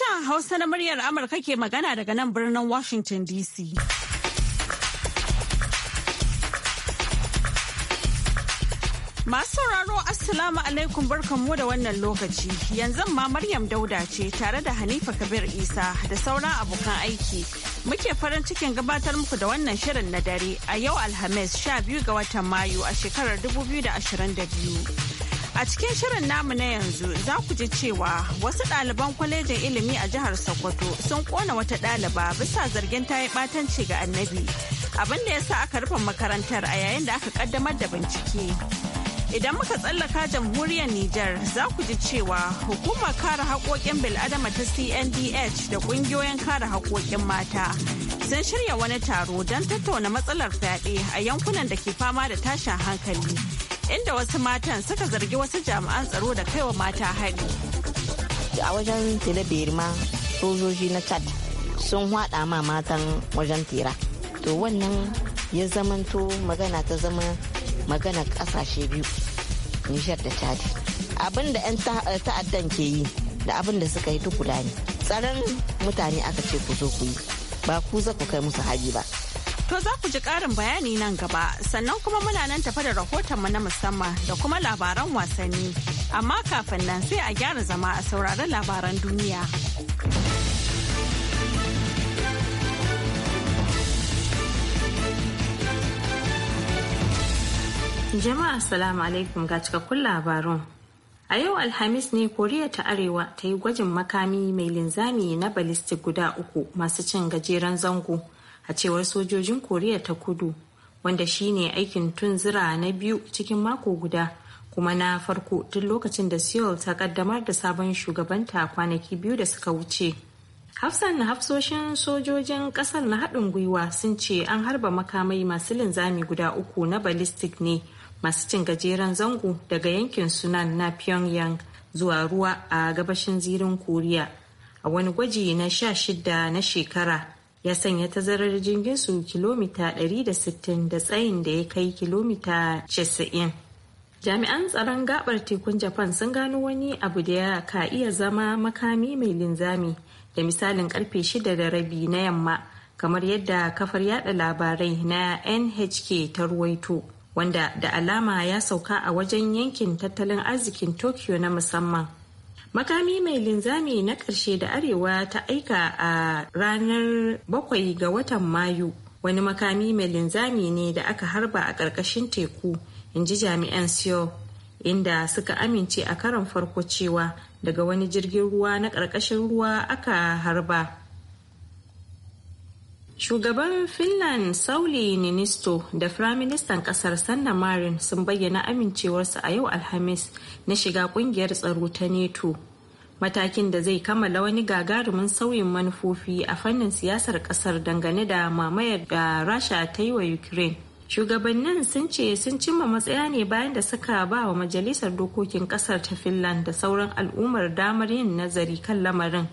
Sashen Hausa na muryar Amurka ke magana daga nan birnin Washington DC. Masu sauraro Assalamu alaikum barkanmu da wannan lokaci. Yanzu ma Maryam Dauda ce tare da Hanifa Kabir Isa da sauran abokan aiki. Muke farin cikin gabatar muku da wannan shirin na dare a yau Alhamis 12 ga watan Mayu a shekarar 2022. A cikin shirin namu na yanzu za ku ji cewa wasu ɗaliban kwalejin ilimi a jihar Sokoto sun kona wata ɗaliba bisa zargin ta yi ɓatanci ga annabi. Abin da ya sa aka rufe makarantar a yayin da aka kaddamar da bincike. Idan muka tsallaka jamhuriyar Nijar za ku ji cewa hukumar kare haƙoƙin bil'adama ta CNDH da ƙungiyoyin kare haƙoƙin mata sun shirya wani taro don tattauna matsalar fyaɗe a yankunan da ke fama da tashin hankali. inda wasu matan suka zargi wasu jami'an tsaro da kaiwa mata hari. A wajen tilabiyar ma sojoji na Chad sun hwada ma matan wajen tera. To wannan ya zamanto magana ta zama magana kasashe biyu Nijar da Chad. Abin da 'yan eh, ta'addan ke yi da abin da suka yi tukula ne. Tsaron mutane aka ce ku zo ku yi ba ku za ku kai musu hari ba. To za ku ji ƙarin bayani nan gaba sannan kuma muna nan tafa da rahotonmu na musamman da kuma labaran wasanni. Amma kafin nan sai a gyara zama a sauraron labaran duniya. Jama'a Assalamu alaikum ga cikakkun labarun. A yau Alhamis ne Koriya ta Arewa ta yi gwajin makami mai linzami na balistik guda uku masu cin gajeren zango. a cewar sojojin koriya ta kudu wanda shine aikin tunzura na biyu cikin mako guda kuma na farko tun lokacin da seoul ta kaddamar da sabon shugabanta kwanaki biyu da suka wuce hafsan na hafsoshin sojojin kasar na haɗin gwiwa sun ce an harba makamai masu linzami guda uku na ballistic ne masu cin gajeren zango daga yankin sunan na pyongyang zuwa ruwa a gabashin zirin koriya a wani gwaji na sha shida na shekara ya sanya tazarar jirgin su kilomita 160 da tsayin da ya kai kilomita 90. Jami'an tsaron gabar tekun Japan sun gano wani abu da ya ka iya zama makami mai linzami da misalin karfe 6 da rabi na yamma kamar yadda kafar yada labarai na NHK ta ruwaito. wanda da alama ya sauka a wajen yankin tattalin arzikin Tokyo na musamman. Makami mai linzami na ƙarshe da Arewa ta aika a ranar bakwai ga watan Mayu wani makami mai linzami ne da aka harba a ƙarƙashin teku in ji jami'an siyo inda suka amince a karon farko cewa daga wani jirgin ruwa na ƙarƙashin ruwa aka harba Shugaban Finland Sauli Ninisto da Firaministan kasar Sanna Marin sun bayyana amincewarsa a yau Alhamis na shiga kungiyar tsaro ta NATO. Matakin da zai kammala wani gagarumin sauyin manufofi a fannin siyasar kasar dangane da mamayar da Rasha ta yi wa Ukraine. Shugabannin sun ce sun cimma matsaya ne bayan da suka ba wa Majalisar Dokokin Kasar ta Finland da sauran al'ummar damar yin nazari kan lamarin.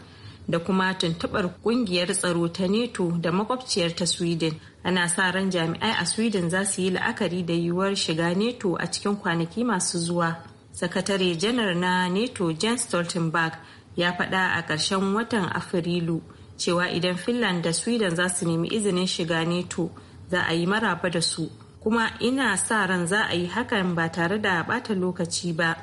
da kuma tuntubar kungiyar tsaro ta neto da makwabciyar ta sweden ana sa ran jami'ai a sweden za su yi la'akari da yiwuwar shiga neto a cikin kwanaki masu zuwa sakatare janar na neto jens stoltenberg ya faɗa a ƙarshen watan afrilu cewa idan finland da sweden za su nemi izinin shiga neto za a yi maraba da su kuma ina sa ran za a yi hakan ba tare da ɓata lokaci ba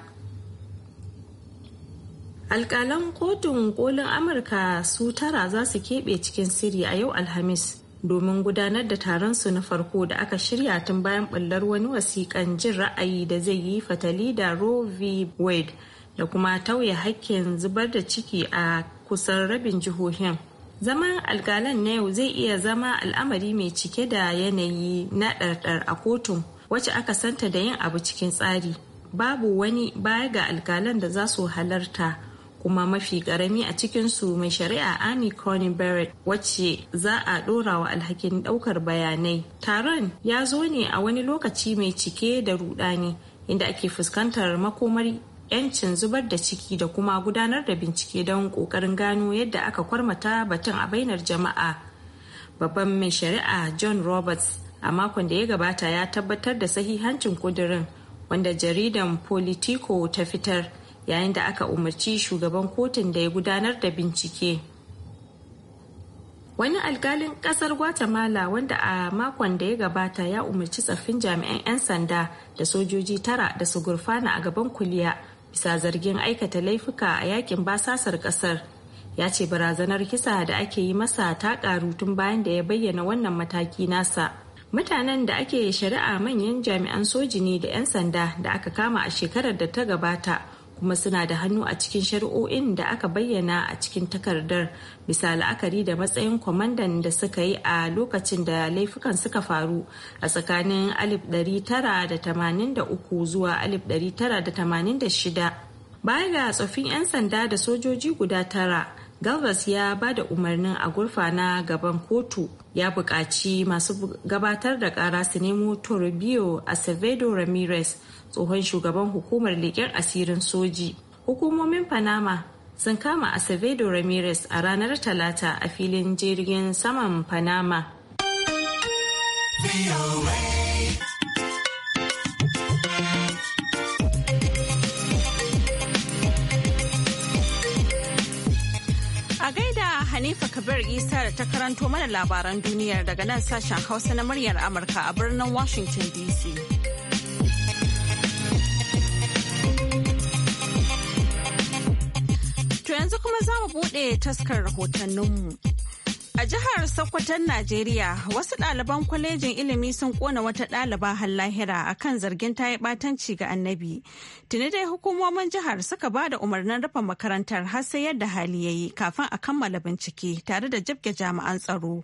alkalan kotun kolin amurka su tara za su keɓe cikin sirri a yau alhamis domin gudanar da taron su na farko da aka shirya tun bayan ɓullar wani wasiƙan jin ra'ayi da zai yi fatali da roe v wade da kuma tauye hakkin zubar da ciki a kusan rabin jihohin zaman alkalan na yau zai iya zama al'amari mai cike da yanayi na ɗarɗar a kotun wacce aka santa da yin abu cikin tsari babu wani baya ga alkalan da za su halarta kuma mafi karami a cikin su mai shari'a Annie Coney Barrett wacce za a dora wa alhakin ɗaukar bayanai. Taron ya zo ne a wani lokaci mai cike da rudani inda ake fuskantar makomar 'yancin zubar da ciki da kuma gudanar da bincike don ƙoƙarin gano yadda aka kwarmata batun a bainar jama'a. Babban mai shari'a John Roberts a makon da ya gabata ya tabbatar da sahihancin kudirin wanda jaridan politiko ta fitar. yayin da aka umarci shugaban kotun da ya gudanar da bincike wani alkalin kasar guatemala wanda a makon da ya gabata ya umarci tsaffin jami'an 'yan sanda da sojoji tara da su gurfana a gaban kuliya bisa zargin aikata laifuka a yakin basasar kasar ya ce barazanar kisa da ake yi masa ta karu tun bayan da ya bayyana wannan mataki nasa mutanen da ake shari'a manyan jami'an soji ne da 'yan sanda da aka kama a shekarar da ta gabata kuma suna da hannu a cikin shari'o'in da aka bayyana a cikin takardar bisa la'akari da matsayin kwamandan da suka yi a lokacin da laifukan suka faru a tsakanin 1983 zuwa 1986 baya ga tsoffin 'yan sanda da sojoji guda tara galvas ya ba da umarnin a gurfa na gaban kotu ya buƙaci masu gabatar da ƙara su nemo a acevedo ramirez tsohon shugaban hukumar leƙen asirin soji hukumomin panama sun kama acevedo ramirez a ranar talata a filin jirgin saman panama A Hanifa Kabir Isa da ta karanto mana labaran duniyar daga nan sashen Hausa na muryar Amurka a birnin Washington DC. yanzu kuma za mu buɗe taskar rahotanninmu. A jihar Sokoton Najeriya, wasu ɗaliban kwalejin ilimi sun kona wata ɗaliba har lahira a kan zargin ta yi ɓatanci ga annabi. Tuni dai hukumomin jihar suka ba da umarnin rufe makarantar har sai yadda hali ya yi kafin a kammala bincike tare da jibge jami'an tsaro.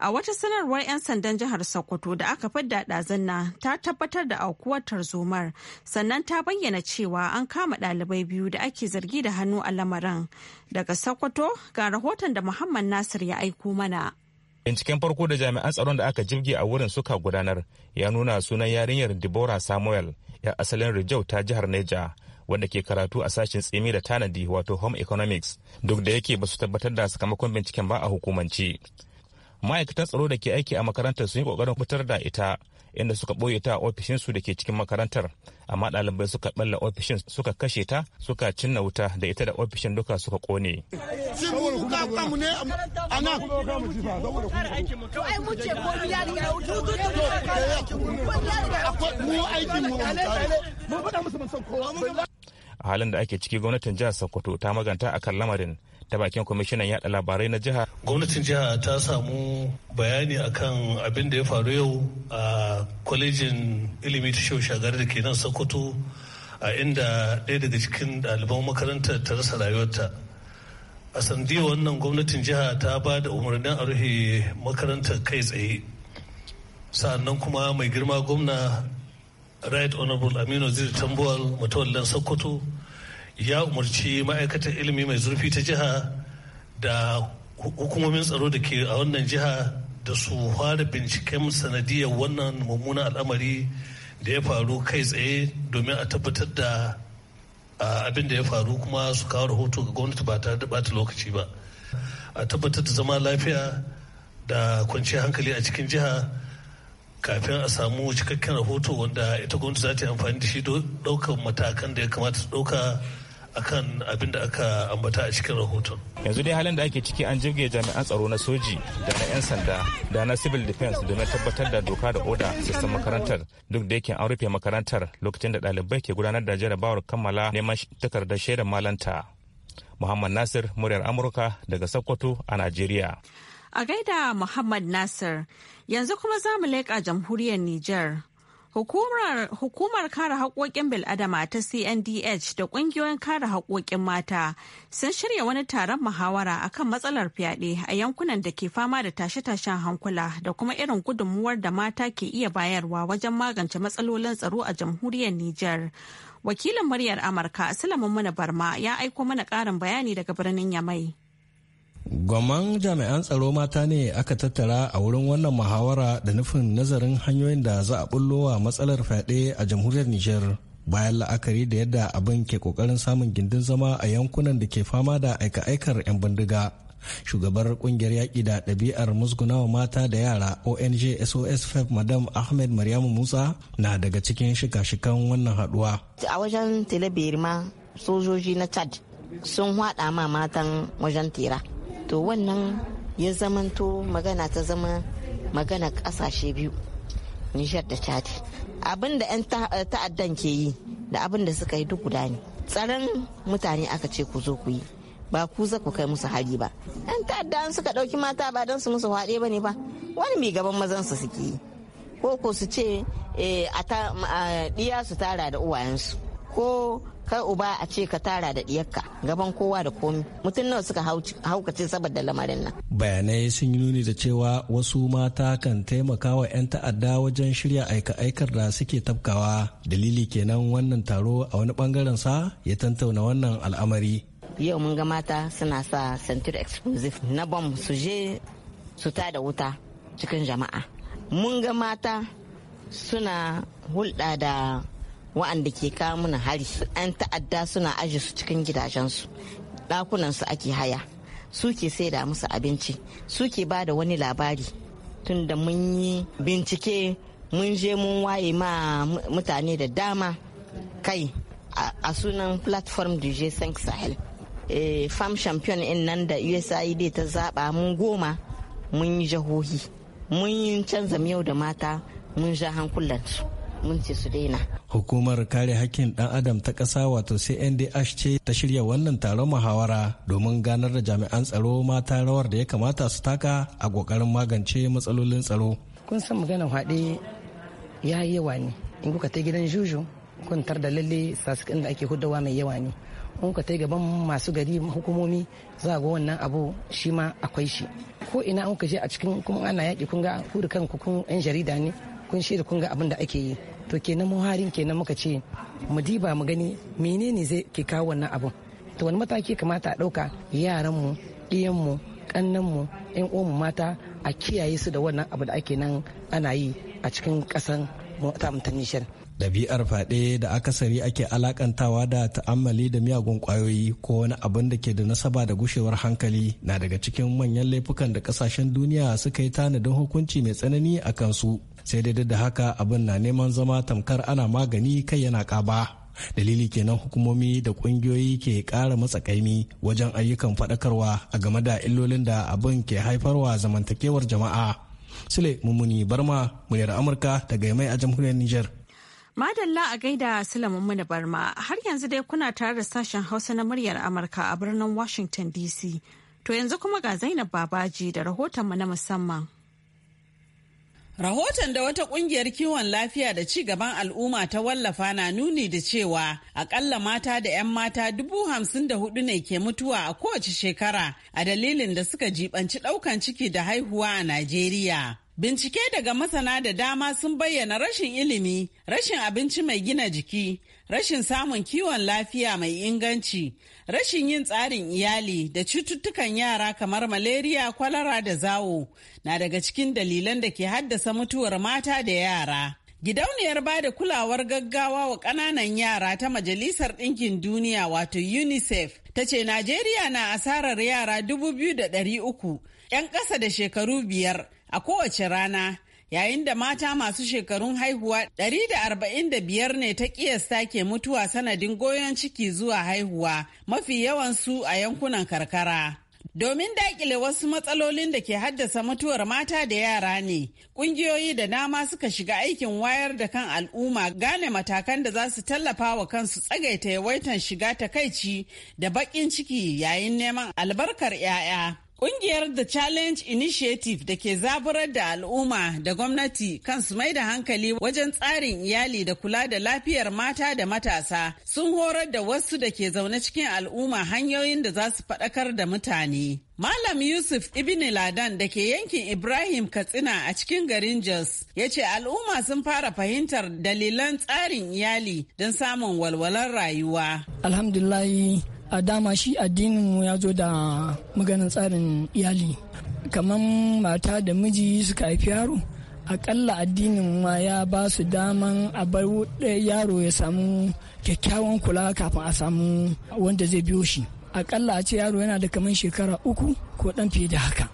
A wata sanarwar 'yan sandan jihar Sokoto da aka fidda ɗazanna ta tabbatar da aukuwar tarzomar sannan ta bayyana cewa an kama ɗalibai biyu da ake zargi da hannu a lamarin. Daga Sokoto ga rahoton da Muhammad Nasir ya aiko mana. Binciken farko da jami'an tsaron da aka jirgi a wurin suka gudanar ya nuna sunan yarinyar Deborah Samuel, 'yar asalin Rijau ta jihar Neja. wanda ke karatu a sashen tsimi da tanadi wato home economics duk da yake ba su tabbatar da sakamakon binciken ba a hukumance ma'aikatan tsaro da ke aiki a makarantar sun yi kokarin fitar da ita inda suka ɓoye ta a ofishinsu da ke cikin makarantar amma ɗalibai suka ɓalla ofishin suka kashe ta suka cinna wuta da ita da ofishin duka suka ƙone. a halin da ake ciki gwamnatin jihar sokoto ta maganta akan lamarin ta bakin kwamishinan yaɗa labarai na jihar gwamnatin jiha ta samu bayani akan abin da ya faru yau a kwalejin ilimi ta shau shagar da ke nan sokoto a inda ɗaya daga cikin ɗaliban makaranta ta rasa rayuwarta a sandiya wannan gwamnatin jiha ta ba da umarnin a rufe makarantar kai tsaye sa'annan kuma mai girma gwamna right honorable aminu zir tambuwal mutawallan sokoto ya umarci ma'aikatar ilimi mai zurfi ta jiha da hukumomin tsaro da ke a wannan jiha da su fara binciken sanadiyar wannan mummunan al'amari da ya faru kai tsaye domin a tabbatar da abin da ya faru kuma su kawo rahoto ga gwamnati ba tare da bata lokaci ba a tabbatar da zama lafiya da kwanciyar hankali a cikin jiha kafin a samu cikakken rahoto wanda ita gwamnati za ta yi amfani da shi don ɗaukar matakan da ya kamata su ɗauka akan abin da aka ambata a cikin rahoton. Yanzu dai halin da ake ciki an jirge jami'an tsaro na soji da na 'yan sanda da na civil defense domin tabbatar da doka da oda sistan makarantar duk da yake an rufe makarantar lokacin da ɗalibai ke gudanar da jarabawar kammala neman takardar shaidar malanta. Muhammad Nasir muryar Amurka daga Sokoto a Najeriya. A gaida Muhammad Nasir Yanzu kuma za mu leƙa jamhuriyar Nijar. Hukumar kare haƙoƙin bil'adama ta CNDH da ƙungiyoyin kare haƙoƙin mata sun shirya wani taron muhawara akan matsalar fyaɗe a yankunan da ke fama da tashe-tashen hankula da kuma irin gudunmuwar da mata ke iya bayarwa wajen magance matsalolin tsaro a jamhuriyar Nijar. Wakilin muryar Amurka Sulaiman Muna Barma ya aiko mana ƙarin bayani daga birnin Yamai. Gwamman jami'an tsaro mata ne aka tattara a wurin wannan muhawara da nufin nazarin hanyoyin da za a bullo wa matsalar fyaɗe a jamhuriyar Nijar. Bayan la'akari da yadda abin ke kokarin samun gindin zama a yankunan da ke fama da aika-aikar 'yan bindiga. Shugabar kungiyar yaƙi da ɗabi'ar musgunawa mata da yara ONG SOS 5 Madam Ahmed Maryamu Musa na daga cikin shika-shikan wannan haɗuwa. A wajen Telebirma sojoji na Chad sun haɗa ma matan wajen tera. to wannan ya zamanto magana ta zama magana kasashe biyu nishar da chadi abin da 'yan eh, ta'addan ke yi da abin da suka yi duk guda ne tsaron mutane aka ce ku zo ku yi ba ku za ku kai musu hari ba 'yan ta'adda suka ɗauki mata ba don su musu haɗe ba ne ba wani mai gaban mazan su suke yi ko ko su ce eh, a eh, ɗiya su tara da uwayensu ko kai uba a ce ka tara da diyarka gaban kowa da komi mutum nawa suka haukace saboda lamarin nan bayanai sun yi nuni da cewa wasu mata kan taimaka wa 'yan ta'adda wajen shirya aika-aikar da suke tabkawa dalili kenan wannan taro a wani bangaren sa ya tantauna wannan al'amari yau mun ga mata suna sa centur explosive na bom su je su ta da wuta cikin jama'a mun ga mata suna hulɗa da wa'anda ke kawo mana hari yan ta'adda suna aji su cikin gidajensu ɗakunansu ake haya su ke sai da musu abinci su ke ba da wani labari tun da mun yi bincike mun je mun waye ma mutane da dama kai a sunan platform du G5 Sahel. Eh, farm champion in nan da USAID ta zaɓa mun goma mun yi jahohi mun yi canza yau da mata mun ja hankulansu. mun ce su daina. Hukumar kare hakkin ɗan adam ta ƙasa wato CNDH ce ta shirya wannan taron muhawara domin ganar da jami'an tsaro mata rawar da ya kamata su taka a ƙoƙarin magance matsalolin tsaro. Kun san magana haɗe ya yawa ne in kuka ta gidan juju kun tar da lalle sasikin da ake hudawa mai yawa ne in kuka ta gaban masu gari hukumomi za ga wannan abu shi ma akwai shi ko ina an je a cikin kuma ana yaƙi kun ga ku kanku kun yan jarida ne kun shirya kun ga abin da ake yi to kenan mu harin kenan muka ce mu diba mu gani menene zai ke kawo wannan abin to wani mataki kamata a ɗauka yaranmu ɗiyanmu mu yan uwanmu mata a kiyaye su da wannan abu da ake nan ana yi a cikin ƙasan ta mutanishin ɗabi'ar faɗe da akasari ake alakantawa da ta'ammali da miyagun ƙwayoyi ko wani abin da ke da nasaba da gushewar hankali na daga cikin manyan laifukan da ƙasashen duniya suka yi tanadin hukunci mai tsanani a kansu sai dai da haka abin na neman zama tamkar ana magani kai yana kaba dalili kenan hukumomi da kungiyoyi ke ƙara kaimi wajen ayyukan faɗakarwa a game da illolin da abin ke haifarwa zamantakewar jama'a sule mummuni barma muryar amurka daga mai a jamhuriyar niger Madalla a gaida sule mummuni Barma har yanzu dai kuna tare da sashen Hausa na muryar Amurka a birnin Washington DC. To yanzu kuma ga Zainab Babaji da rahoton rahotonmu na musamman. Rahoton da wata kungiyar kiwon lafiya da ci gaban al'umma ta wallafa na nuni da cewa akalla mata da 'yan mata dubu hamsin da hudu ne ke mutuwa a kowace shekara a dalilin da suka jibanci daukan ciki da haihuwa a Najeriya. Bincike daga masana da dama sun bayyana rashin ilimi, rashin abinci mai gina jiki, rashin samun kiwon lafiya mai inganci, rashin yin tsarin iyali da cututtukan yara kamar malaria, kwalara da zawo na daga cikin dalilan da ke haddasa mutuwar mata da yara. Gidauniyar ba da kulawar gaggawa wa ƙananan yara ta Majalisar Ɗinkin Duniya wato UNICEF ta ce Najeriya na asarar yara 2,300 'yan ƙasa da shekaru biyar a kowace rana yayin da mata masu shekarun haihuwa 145 ne ta kiyasta ke mutuwa sanadin goyon ciki zuwa haihuwa mafi yawansu a yankunan karkara. Domin daƙile wasu matsalolin da ke haddasa mutuwar mata da yara ne, ƙungiyoyi da dama suka shiga aikin wayar da kan al'umma gane matakan da za su tallafa wa kansu tsagaita yawaitan shiga takaici da baƙin ciki yayin neman albarkar 'ya'ya. Ƙungiyar The Challenge Initiative da ke zaburar da al'umma da gwamnati kan su mai da hankali wajen tsarin iyali da kula da lafiyar mata da matasa sun horar da wasu da ke zaune cikin al'umma hanyoyin da za su faɗakar da mutane. Malam Yusuf Ibn Ladan da ke yankin Ibrahim Katsina a cikin garin Jos ya ce al'umma sun fara fahimtar dalilan tsarin iyali don samun walwalar rayuwa. Alhamdulillah a dama shi addinin mu ya zo da maganin tsarin iyali kamar mata da miji suka haifi yaro akalla addinin ma ya ba su daman a bar eh, yaro ya samu kyakkyawan kula kafin a samu wanda zai biyo shi akalla a ce yaro yana da kamar shekara uku ko dan fiye da haka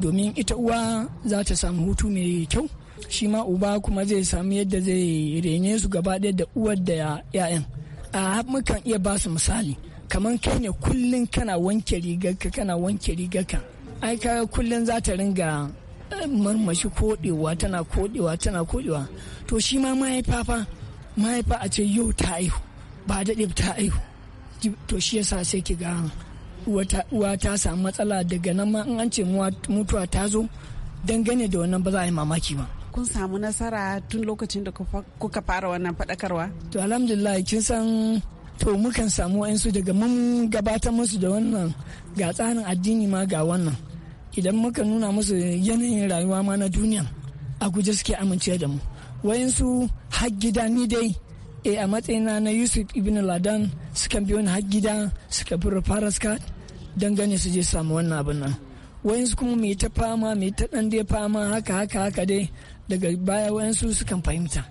domin ita uwa za ta samu hutu mai kyau shi ma uba kuma zai samu yadda zai rene su gaba ɗaya da uwar da 'ya'yan a mukan iya ba su misali kamar kai ne kullum kana wanke rigarka kana wanke rigarka ai ka kullum za ta ringa eh, marmashi kodewa tana kodewa tana kodewa to shi ma mahaifa fa mahaifa a ce yau ta aihu ba daɗe ta aihu to shi yasa sai ki ga uwa ta samu matsala daga nan ma an ce mutuwa ta zo dangane da wannan ba za a yi mamaki ba kun samu nasara tun lokacin da kuka fara wannan faɗakarwa to alhamdulillah kin san to mukan samu su daga mun gabatar musu da wannan ga tsarin addini ma ga wannan idan muka nuna musu yanayin rayuwa ma na duniya a guje suke amince da mu wayansu har gida ni dai e a matsayina na yusuf ibn ladan suka biyo ni har gida suka fi faraska dangane su je samu wannan abin nan wayansu kuma mai ta fama mai ta dan dai fama haka haka haka dai daga baya wayansu sukan fahimta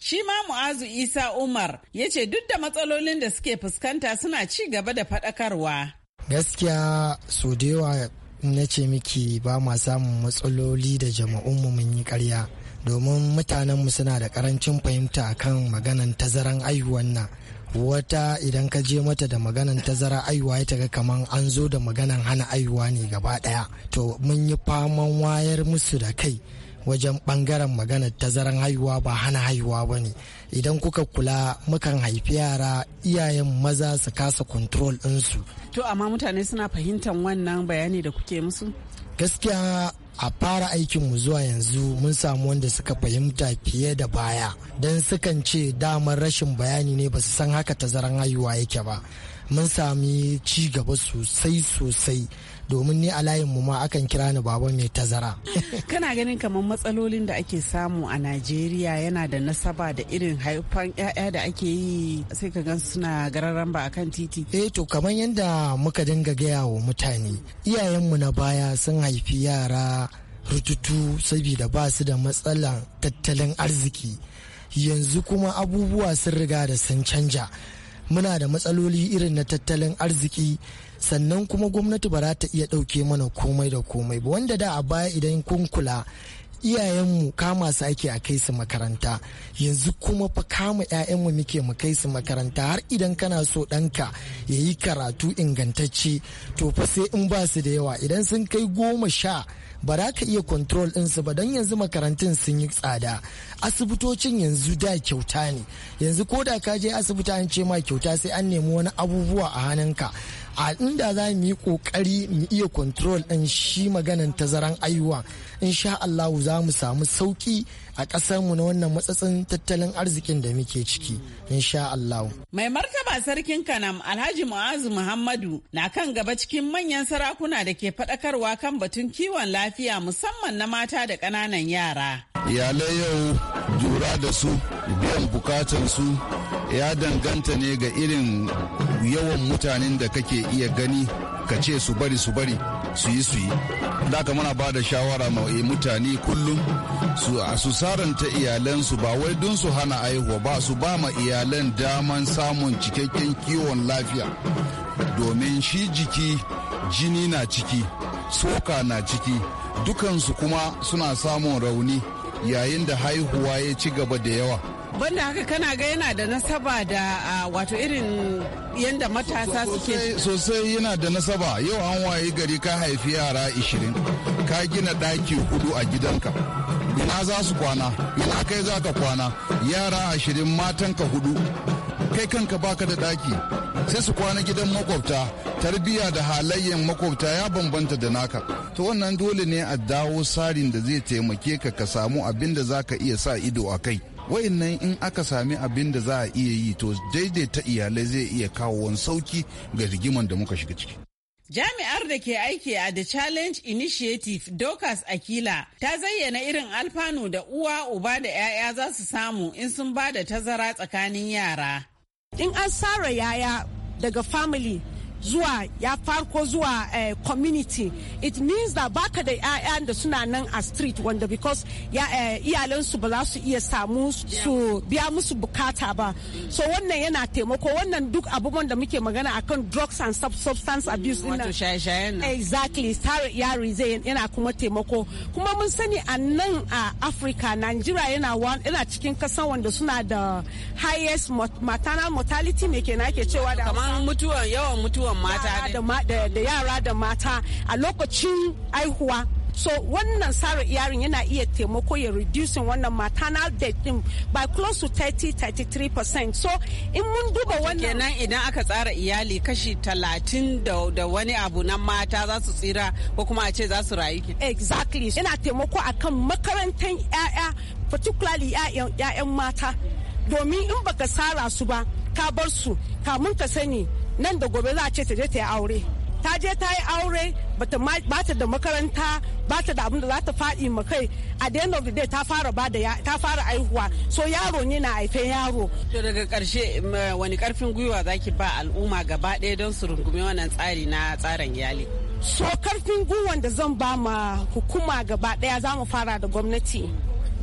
Shi ma Mu'azu Isa Umar ya ce duk da matsalolin da suke fuskanta suna ci gaba da faɗakarwa. Gaskiya so dewa na ce miki ba ma samun matsaloli da jama'unmu mun yi karya domin mutanenmu suna da karancin fahimta kan maganan tazaran aihuwan na wata idan ka je mata da maganan tazara aiwa ya taga kaman an zo da maganan hana aiwa ne gaba daya to mun yi faman wayar musu da kai wajen bangaren magana tazaran haihuwa ba hana haihuwa ba ne idan kuka kula mukan haifi yara iyayen maza su kasa kontrol ɗinsu. to amma mutane suna fahimtar wannan bayani da kuke musu gaskiya a fara aikin mu zuwa yanzu mun samu wanda suka fahimta fiye da baya don sukan ce damar rashin bayani ne ba su san haka tazaran haihuwa yake ba mun sami ci gaba sosai sosai domin ni a layin mu ma akan kira ni baba mai tazara kana ganin kamar matsalolin da ake samu a najeriya yana da nasaba da irin haifan 'ya'ya da ake yi sai ka gan suna gararan ba akan titi eh to kamar yadda muka dinga gaya wa mutane iyayenmu na baya sun haifi yara rututu saboda ba su da matsalan tattalin arziki yanzu kuma abubuwa sun riga da sun canja muna da matsaloli irin na tattalin arziki sannan kuma gwamnati ba za ta iya ɗauke mana komai da komai ba wanda da a baya idan kun kula iyayenmu kama su ake a kai su makaranta yanzu kuma fa kama 'ya'yanmu muke mu kai su makaranta har idan kana so ɗanka ya yi karatu ingantacce to fa sai in ba su da yawa idan sun kai goma sha ba za ka iya control ɗinsu ba don yanzu makarantun sun yi tsada asibitocin yanzu da kyauta ne yanzu ko da ka je asibiti an ce ma kyauta sai an nemi wani abubuwa a hannunka a inda za mu yi kokari mu iya kontrol ɗin shi maganan tazaran ayuwa insha allahu za mu samu sauki a ƙasarmu na wannan matsatsin tattalin arzikin da muke ciki insha Allah. Mai martaba sarkin Kanam Alhaji Mu'azu Muhammadu na kan gaba cikin manyan sarakuna da ke faɗakarwa kan batun kiwon lafiya musamman na mata da ƙananan yara. Iyalai yau jura da su biyan su. ya danganta ne ga irin yawan mutanen da kake iya gani ka ce su bari su bari su yi su yi daga muna ba da shawara ma eh, mutane kullum su a su saranta iyalansu ba wai don su hana aihuwa ba su ba ma iyalan daman samun cikakken kiwon lafiya domin shi jiki jini na ciki soka na ciki dukansu kuma suna samun rauni yayin da haihuwa ya ci gaba da yawa banda haka kana ga yana da nasaba da wato irin yadda matasa suke sosai yana da nasaba yau an waye gari ka haifi yara 20 ka gina daki hudu a gidanka ina za su kwana ina kai za ka kwana yara 20 matanka hudu kai kanka baka da daki sai su kwana gidan makwabta tarbiya da halayyen makwabta ya bambanta da naka to wannan dole ne a dawo sarin da zai taimake ka ka samu abin da zaka iya sa ido a kai nan in aka sami abin da za a iya yi to daidaita iyalai zai iya kawo wani sauki ga rigiman da muka shiga ciki Jami'ar da ke aiki a The Challenge Initiative Dokas Akila ta zayyana irin alfanu da uwa uba da 'ya'ya za su samu in sun ba da tazara tsakanin yara. In an sara yaya daga family zuwa ya farko zuwa eh, community it means that baka da 'ya'yan da suna nan a street wanda because eh, iyalansu ba za su iya samu su biya musu bukata ba so wannan yana taimako wannan duk abubuwan da muke magana akan drugs and substance abuse mm, wato shaye-shayen exactly tare yari zai yana kuma taimako kuma mun sani a nan a africa nigeria yana yana cikin kasan wanda suna da highest maternal mortality me kenan ake cewa da kamar mutuwa yawan mutuwa mata da yara da mata a lokacin aihuwa so wannan sara yarin yana iya taimako ya reducing wannan maternal death din by close to 30 33 so in mun duba wannan kenan idan aka tsara iyali kashi 30 da, da wani abu na mata za su tsira ko kuma a ce za su rayu exactly yana taimako akan makarantar 'ya'ya particularly 'ya'yan mata domin in baka sara su ba ka bar su kamun ka sani nan da gobe za a ce ta je ta yi aure ta je ta yi aure ba ta da makaranta ba ta da abin za ta faɗi ma kai a the end of ta fara ba da ta fara aihuwa so yaro ne na haifen yaro to daga karshe wani karfin gwiwa zaki ba al'umma gaba ɗaya don su rungume wannan tsari na tsarin iyali so karfin gwiwan da zan ba ma hukuma gaba ɗaya za mu fara da gwamnati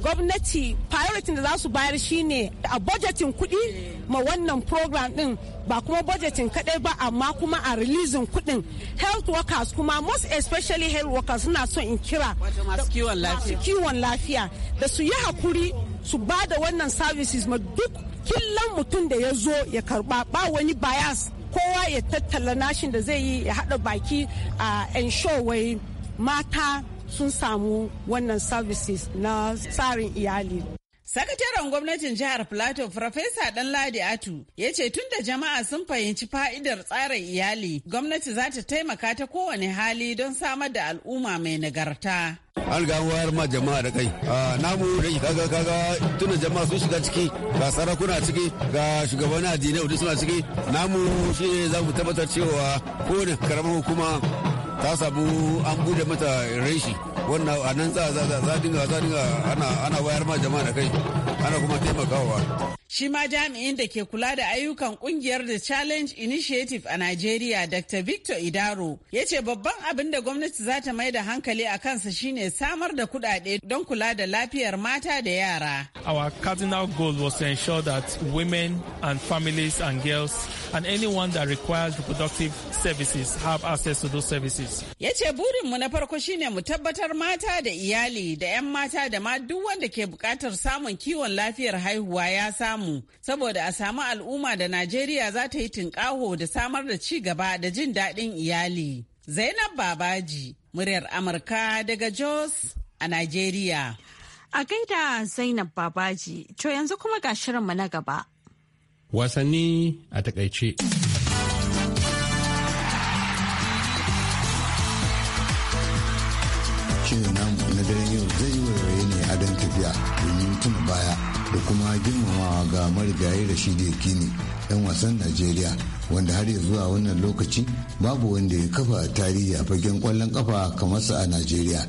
gwamnati priority da za su bayar shine a budgetin kuɗi ma wannan program ɗin ba kuma budgeting kadai ba amma kuma a releasing kudin health workers kuma most especially health workers suna son in kira masu kiwon lafiya da su yi hakuri su ba da wannan services ma duk killan mutum da ya zo ya karba ba wani bias kowa ya tattala nashin da zai yi ya haɗa baki a ensure wai mata sun samu wannan services na tsarin iyali Sakataren gwamnatin jihar Plateau Farfesa Danladi Atu ya ce tun da jama'a sun fahimci fa'idar tsarin iyali, gwamnati za ta taimaka ta kowane hali don samar da al'umma mai nagarta. an ga wayar ma jama'a da kai namu da kaga kaga tuna jama'a sun shiga ciki ga sarakuna ciki ga shugabannin addinai suna ciki namu shi ne za mu tabbatar cewa kowane karamar hukuma ta sabu an bude mata reshi wannan a nan za za dinga za dinga ana wayar ma jama'a da kai ana kuma taimakawa Shi ma jami'in da ke kula da ayyukan kungiyar The Challenge Initiative a Najeriya, Dr. Victor Idaro, ya ce babban abin da gwamnati za ta mai da hankali a kansa shine samar da kudade don kula da lafiyar mata da yara. Our cardinal goal was to ensure that women and families and girls and anyone that requires reproductive services have access to those services. Ya ce burinmu na farko shine mu tabbatar mata da iyali da 'yan mata da ma duk wanda ke buƙatar samun kiwon lafiyar haihuwa ya samu saboda a samu al'umma da Najeriya za ta yi tunƙaho da samar da ci gaba da jin daɗin iyali. Zainab Babaji, muryar Amurka daga Jos a Najeriya. A gaida Zainab Babaji, to yanzu kuma ga shirinmu na gaba. Wasanni a takaice. shirin namu na daren yau zai yi wuraren ne a don tafiya domin tuna baya da kuma girmamawa ga marigayi rashidi kini yan wasan najeriya wanda har ya a wannan lokaci babu wanda ya kafa tarihi a fagen kwallon kafa kamar sa a najeriya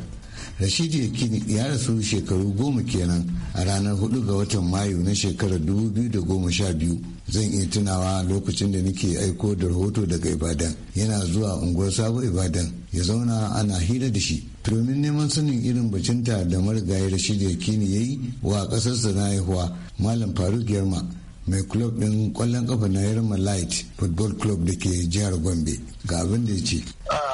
rashidi yakini ya rasu shekaru goma kenan a ranar 4 ga watan mayu na shekarar 2012 zan iya tunawa lokacin da nake aiko da rahoto daga ibadan yana zuwa unguwar sabo ibadan ya zauna ana hira da shi domin neman sanin irin bacinta da marigayi rashid yakini ya yi wa ƙasarsa na haihuwa malam faruk yarma mai club ɗin kwallon ƙafa na yarma light football club da ke jihar gombe ga abin da ya ce ah,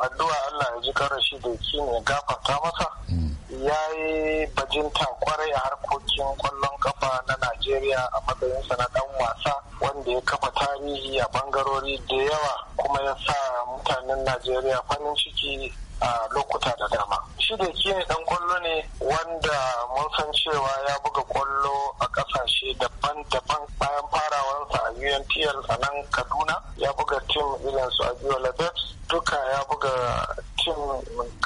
addu'a Allah ya ji karashi da ki ne gafarta masa hmm. ya yi bajinta kwarai a harkokin kwallon kafa na Najeriya a matsayinsa na dan wasa wanda ya kafa tarihi a bangarori da yawa kuma ya sa mutanen Najeriya farin ciki a lokuta da dama shi da ne dan kwallo ne wanda mun san cewa ya buga kwallo a ƙasashe daban-daban bayan farawarsa a untl a nan kaduna ya buga tim ilan su abiola duka ya buga tim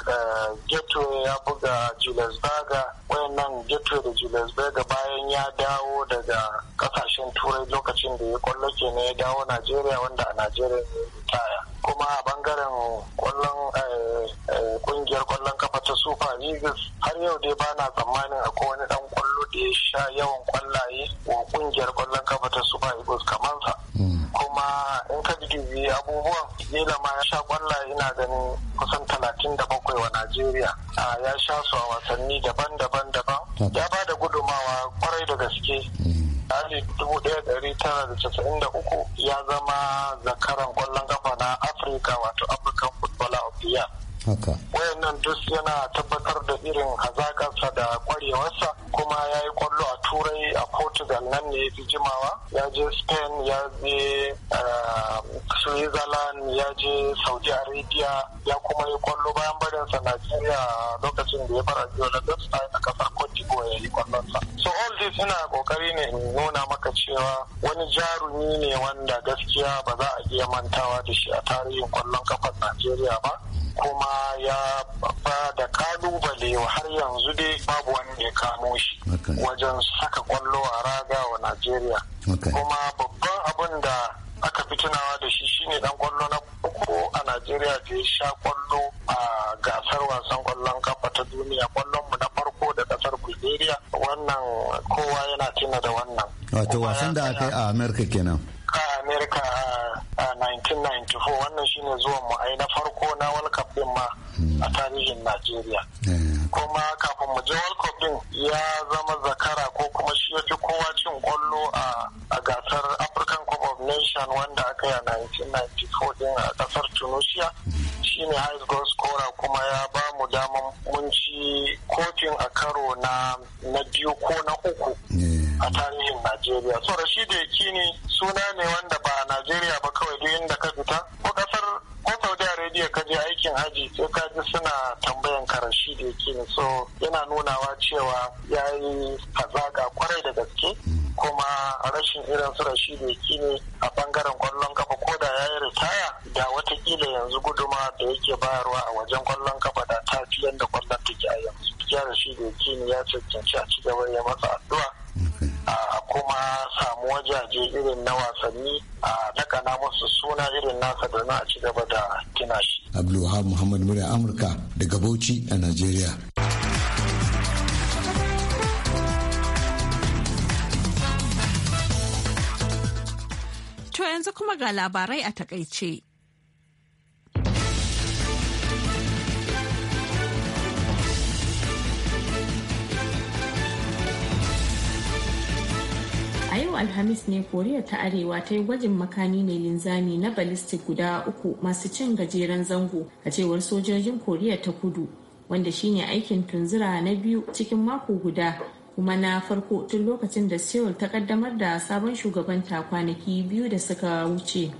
eh, gateway ya buga julius wayan wayannan gateway da julius Baga bayan ya dawo daga ƙasashen turai lokacin da ya kwallo kenan ya dawo najeriya wanda a najeriya ya kuma a bangaren Eagles har yau dai ba na tsammanin akwai wani dan kwallo da ya sha yawan kwallaye wa kungiyar kwallon kafa ta Super Eagles kamar sa. Hmm. Kuma in ka dubi abubuwan Nila ma ya sha kwallaye ina ganin kusan talatin da bakwai wa Najeriya. Ya sha su a wasanni daban-daban daban. Ya ba da gudumawa kwarai da gaske. Hmm. Ali dubu ɗaya ɗari tara da casa'in da uku ya zama zakaran kwallon kafa na Afirka wato African Footballer of the Year. wayannan duk yana tabbatar da irin hazakarsa da kwarewarsa kuma ya yi kwallo a turai a portugal nan ne ya fi jimawa ya je spain ya je eh, switzerland ya je saudi arabia ya kuma yi kwallo bayan barinsa nigeria lokacin da ya fara biyo na a kasar cote ya yi kwallonsa so all this ina kokari ne in nuna maka cewa wani jarumi ne wanda gaskiya ba za a iya mantawa da shi a tarihin kwallon kafar najeriya ba kuma ya ba da kalubale har yanzu dai babu wani ya kamo shi wajen saka kwallo a raga wa najeriya kuma babban abin da aka fi tunawa da shi shine dan kwallo na uku a najeriya da ya sha kwallo a gasar wasan kwallon kafa ta duniya kwallon mu na farko da kasar bulgaria wannan kowa yana tuna da wannan wato wasan da aka yi a america kenan america a 1994 uh, uh, wannan shine zuwan mu ai na farko na world cup din ma a tarihin najeriya eh. kuma kafin mu je world cup din ya zama zakara ko kuma shi ya fi kowa cin kwallo a gasar african cup of nation wanda aka yi a 1994 din a kasar tunisia shine highest goal scorer kuma ya ba mu daman mun ci kofin a karo na biyu ko na uku eh. a tarihin Najeriya. So Rashidi Yakini suna ne wanda ba a Najeriya ba kawai duk inda ka fita ko kasar ko Saudi Arabia ka je aikin haji sai ka ji suna tambayan ka Rashidi Yakini. So yana nunawa cewa ya yi hazaƙa kwarai da gaske kuma rashin irin su Rashidi Yakini a bangaren kwallon kafa ko da ya yi ritaya da watakila yanzu guduma da yake bayarwa a wajen kwallon kafa da ta fi yadda kwallon take a yanzu. Jihar Rashidi Yakini ya cancanci a ci gaba ya masa addu'a a kuma samu wajaje irin na wasanni a dakana musu suna irin nasa domin a ci gaba da gina shi. Abdulwahab Muhammad Murya Amurka daga Bauchi a Najeriya. To yanzu kuma ga labarai a takaice. alhamis ne koriya ta arewa ta yi gwajin makami mai linzami na ballistic guda uku masu cin gajeren zango a cewar sojojin koriya ta kudu wanda shine aikin tunzura na biyu cikin mako guda kuma na farko tun lokacin da seoul ta kaddamar da sabon shugabanta kwanaki biyu da suka wuce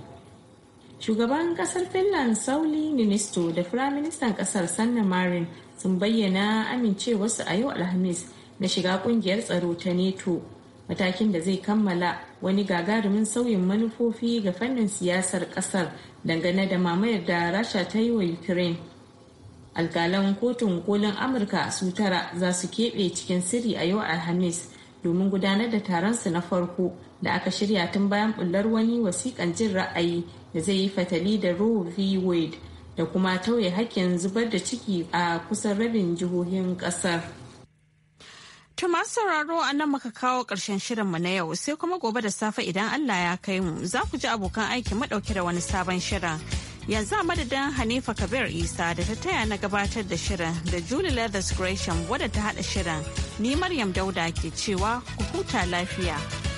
shugaban kasar finland sauli ministo da firaministan kasar sanna marin sun bayyana amincewarsu a yau alhamis na shiga kungiyar tsaro ta neto matakin da zai kammala wani gagarumin sauyin manufofi ga fannin siyasar kasar dangane da mamayar da rasha ta yi wa ukraine alkalan kotun kolin amurka su tara za su keɓe cikin sirri a yau alhamis domin gudanar da taronsu na farko da aka shirya tun bayan bullar wani wasiƙan jin ra'ayi da zai yi fatali da roe v wade da kuma tauye hakkin zubar da ciki a kusan rabin jihohin ƙasar. To masu sauraro a nan muka kawo ƙarshen shirinmu na yau sai kuma gobe da safe idan Allah ya kai mu za ku ji abokan aiki maɗauke da wani sabon shirin. Yanzu a madadin Hanifa Kabir Isa da ta taya na gabatar da shirin da Julie Leathers Gresham wadda ta haɗa shirin. Ni Maryam Dauda ke cewa ku huta lafiya.